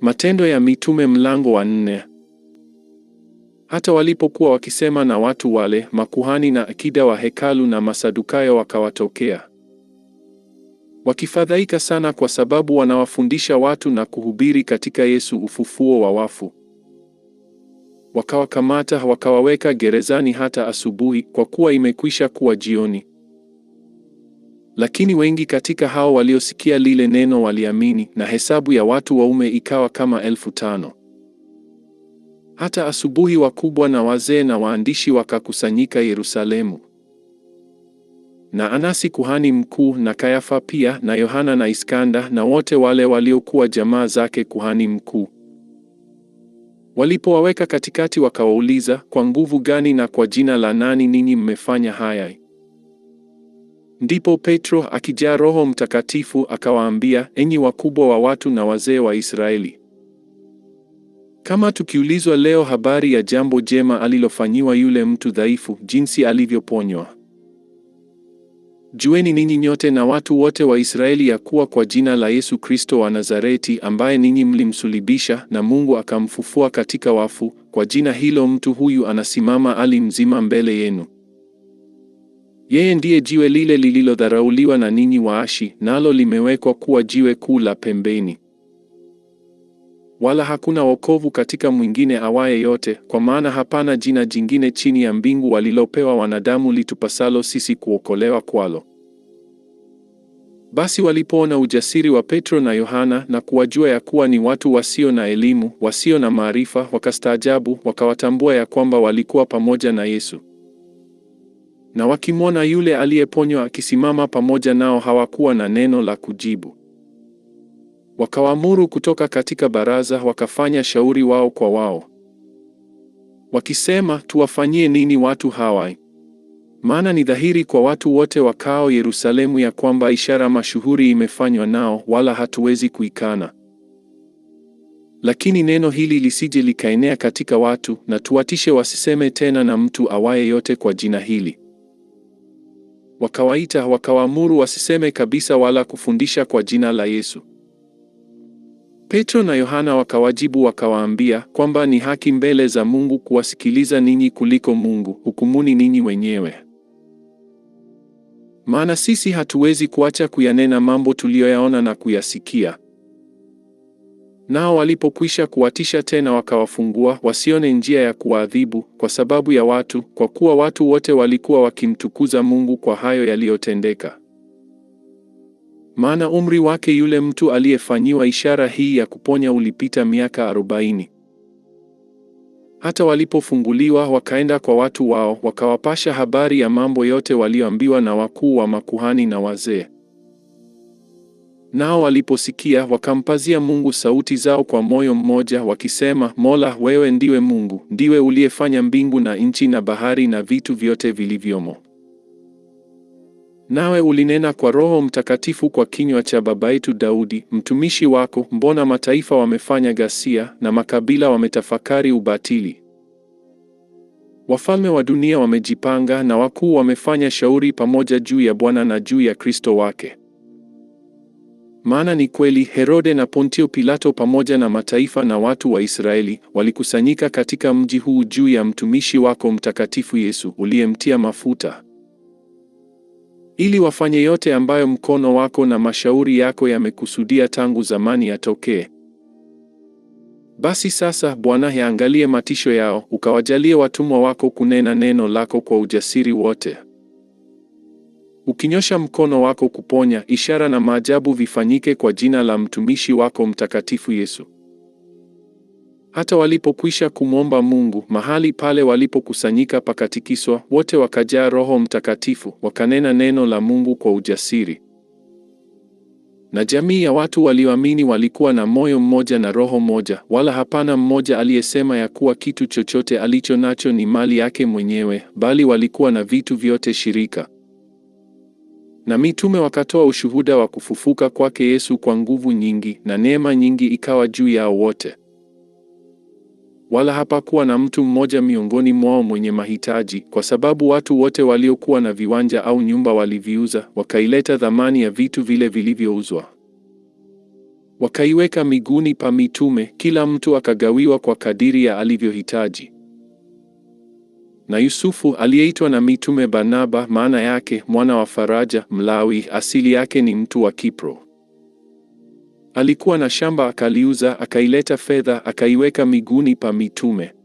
Matendo ya Mitume mlango wa nne. Hata walipokuwa wakisema na watu wale, makuhani na akida wa hekalu na Masadukayo wakawatokea wakifadhaika sana, kwa sababu wanawafundisha watu na kuhubiri katika Yesu ufufuo wa wafu. Wakawakamata wakawaweka gerezani hata asubuhi, kwa kuwa imekwisha kuwa jioni. Lakini wengi katika hao waliosikia lile neno waliamini, na hesabu ya watu waume ikawa kama elfu tano. Hata asubuhi wakubwa na wazee na waandishi wakakusanyika Yerusalemu. Na Anasi kuhani mkuu na Kayafa pia na Yohana na Iskanda na wote wale waliokuwa jamaa zake kuhani mkuu. Walipowaweka katikati wakawauliza, kwa nguvu gani na kwa jina la nani ninyi mmefanya haya? Ndipo Petro akijaa Roho Mtakatifu akawaambia, enyi wakubwa wa watu na wazee wa Israeli, kama tukiulizwa leo habari ya jambo jema alilofanyiwa yule mtu dhaifu, jinsi alivyoponywa, jueni ninyi nyote na watu wote wa Israeli ya kuwa kwa jina la Yesu Kristo wa Nazareti, ambaye ninyi mlimsulibisha na Mungu akamfufua katika wafu, kwa jina hilo mtu huyu anasimama ali mzima mbele yenu. Yeye ndiye jiwe lile lililodharauliwa na ninyi waashi, nalo limewekwa kuwa jiwe kuu la pembeni. Wala hakuna wokovu katika mwingine awaye yote, kwa maana hapana jina jingine chini ya mbingu walilopewa wanadamu litupasalo sisi kuokolewa kwalo. Basi walipoona ujasiri wa Petro na Yohana na kuwajua ya kuwa ni watu wasio na elimu, wasio na maarifa, wakastaajabu, wakawatambua ya kwamba walikuwa pamoja na Yesu na wakimwona yule aliyeponywa akisimama pamoja nao, hawakuwa na neno la kujibu. Wakawaamuru kutoka katika baraza, wakafanya shauri wao kwa wao wakisema, tuwafanyie nini watu hawa? Maana ni dhahiri kwa watu wote wakao Yerusalemu ya kwamba ishara mashuhuri imefanywa nao, wala hatuwezi kuikana. Lakini neno hili lisije likaenea katika watu, na tuwatishe wasiseme tena na mtu awaye yote kwa jina hili. Wakawaita, wakawaamuru wasiseme kabisa wala kufundisha kwa jina la Yesu. Petro na Yohana wakawajibu wakawaambia kwamba ni haki mbele za Mungu kuwasikiliza ninyi kuliko Mungu; hukumuni ninyi wenyewe. Maana sisi hatuwezi kuacha kuyanena mambo tuliyoyaona na kuyasikia. Nao walipokwisha kuwatisha tena wakawafungua wasione njia ya kuwaadhibu kwa sababu ya watu, kwa kuwa watu wote walikuwa wakimtukuza Mungu kwa hayo yaliyotendeka. Maana umri wake yule mtu aliyefanyiwa ishara hii ya kuponya ulipita miaka arobaini. Hata walipofunguliwa wakaenda kwa watu wao, wakawapasha habari ya mambo yote walioambiwa na wakuu wa makuhani na wazee. Nao waliposikia wakampazia Mungu sauti zao kwa moyo mmoja wakisema, Mola, wewe ndiwe Mungu, ndiwe uliyefanya mbingu na nchi na bahari na vitu vyote vilivyomo. Nawe ulinena kwa Roho Mtakatifu kwa kinywa cha baba yetu Daudi mtumishi wako, mbona mataifa wamefanya ghasia na makabila wametafakari ubatili? Wafalme wa dunia wamejipanga na wakuu wamefanya shauri pamoja juu ya Bwana na juu ya Kristo wake. Maana ni kweli Herode na Pontio Pilato pamoja na mataifa na watu wa Israeli walikusanyika katika mji huu juu ya mtumishi wako mtakatifu Yesu uliyemtia mafuta, ili wafanye yote ambayo mkono wako na mashauri yako yamekusudia tangu zamani yatokee. Basi sasa, Bwana, yaangalie matisho yao, ukawajalie watumwa wako kunena neno lako kwa ujasiri wote ukinyosha mkono wako kuponya, ishara na maajabu vifanyike kwa jina la mtumishi wako mtakatifu Yesu. Hata walipokwisha kumwomba Mungu, mahali pale walipokusanyika pakatikiswa, wote wakajaa Roho Mtakatifu, wakanena neno la Mungu kwa ujasiri. Na jamii ya watu walioamini walikuwa na moyo mmoja na roho moja, wala hapana mmoja aliyesema ya kuwa kitu chochote alicho nacho ni mali yake mwenyewe, bali walikuwa na vitu vyote shirika. Na mitume wakatoa ushuhuda wa kufufuka kwake Yesu kwa nguvu nyingi, na neema nyingi ikawa juu yao wote. Wala hapakuwa na mtu mmoja miongoni mwao mwenye mahitaji, kwa sababu watu wote waliokuwa na viwanja au nyumba waliviuza, wakaileta thamani ya vitu vile vilivyouzwa, wakaiweka miguuni pa mitume, kila mtu akagawiwa kwa kadiri ya alivyohitaji na Yusufu aliyeitwa na mitume Barnaba, maana yake mwana wa faraja, Mlawi, asili yake ni mtu wa Kipro. Alikuwa na shamba akaliuza, akaileta fedha, akaiweka miguuni pa mitume.